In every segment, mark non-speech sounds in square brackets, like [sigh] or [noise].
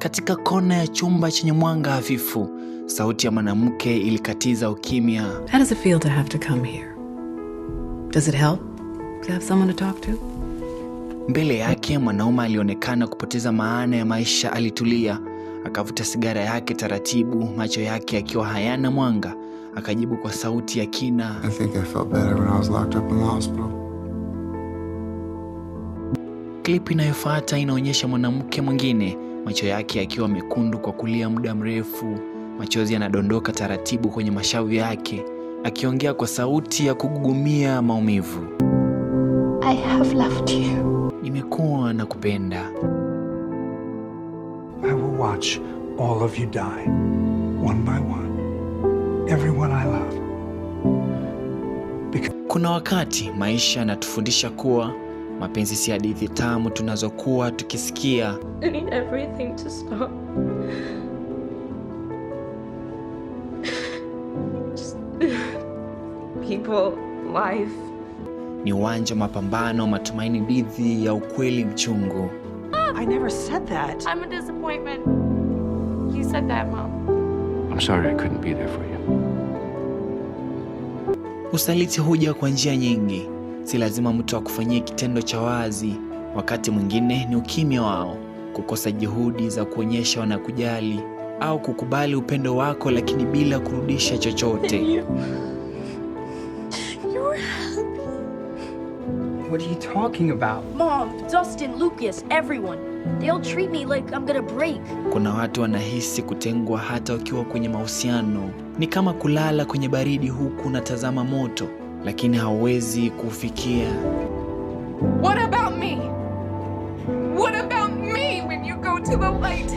Katika kona ya chumba chenye mwanga hafifu, sauti ya mwanamke ilikatiza ukimya. How does it feel to have to come here? Does it help to have someone to talk to? Mbele yake mwanaume alionekana kupoteza maana ya maisha. Alitulia, akavuta sigara yake taratibu, macho yake akiwa hayana mwanga. Akajibu kwa sauti ya kina, I think I felt better when I was locked up in the hospital. Klipu inayofuata inaonyesha mwanamke mwingine macho yake akiwa mekundu kwa kulia muda mrefu, machozi yanadondoka taratibu kwenye mashavu yake, akiongea kwa sauti ya kugugumia maumivu. I have loved you. Nimekuwa na kupenda. I will watch all of you die, one by one. Everyone I love. Because... Kuna wakati maisha yanatufundisha kuwa mapenzi si hadithi tamu tunazokuwa tukisikia. Ni uwanja mapambano, matumaini dhidi ya ukweli mchungu. Usaliti huja kwa njia nyingi. Si lazima mtu akufanyie kitendo cha wazi. Wakati mwingine ni ukimya wao, kukosa juhudi za kuonyesha wanakujali au kukubali upendo wako, lakini bila kurudisha chochote. [laughs] What are you talking about? Mom, Dustin, Lucas, everyone. They'll treat me like I'm gonna break. Kuna watu wanahisi kutengwa hata wakiwa kwenye mahusiano. Ni kama kulala kwenye baridi huku unatazama moto lakini hauwezi kufikia. What about me? What about me when you go to the light?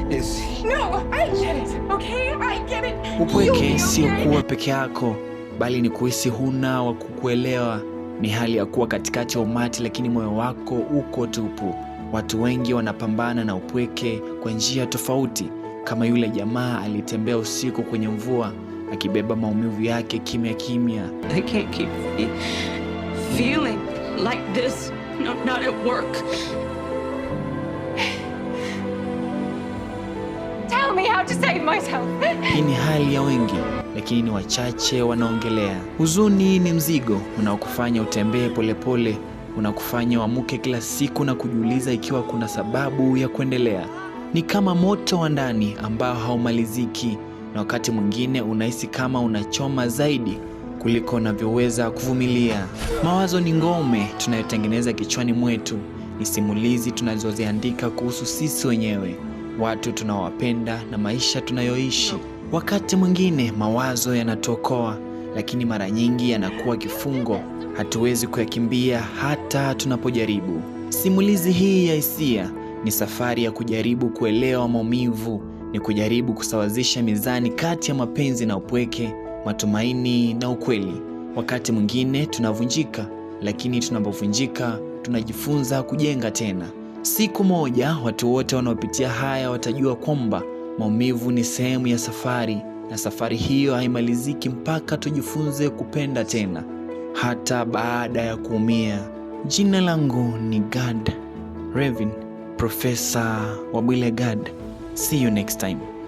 No, I get it. Okay? I get it. Upweke sio Kuwa peke yako bali ni kuhisi huna wa kukuelewa. Ni hali ya kuwa katikati ya umati, lakini moyo wako uko tupu. Watu wengi wanapambana na upweke kwa njia tofauti, kama yule jamaa alitembea usiku kwenye mvua akibeba maumivu yake kimya kimya. Hii ni hali ya wengi, lakini ni wachache wanaongelea. Huzuni ni mzigo unaokufanya utembee polepole, unakufanya uamuke kila siku na kujiuliza ikiwa kuna sababu ya kuendelea. Ni kama moto wa ndani ambao haumaliziki na wakati mwingine unahisi kama unachoma zaidi kuliko unavyoweza kuvumilia. Mawazo ni ngome tunayotengeneza kichwani mwetu, ni simulizi tunazoziandika kuhusu sisi wenyewe, watu tunaowapenda na maisha tunayoishi. Wakati mwingine mawazo yanatuokoa, lakini mara nyingi yanakuwa kifungo, hatuwezi kuyakimbia hata tunapojaribu. Simulizi hii ya hisia ni safari ya kujaribu kuelewa maumivu ni kujaribu kusawazisha mizani kati ya mapenzi na upweke, matumaini na ukweli. Wakati mwingine tunavunjika, lakini tunapovunjika tunajifunza kujenga tena. Siku moja watu wote wanaopitia haya watajua kwamba maumivu ni sehemu ya safari, na safari hiyo haimaliziki mpaka tujifunze kupenda tena, hata baada ya kuumia. Jina langu ni Gad Revin, profesa wa Bwile Gad. See you next time.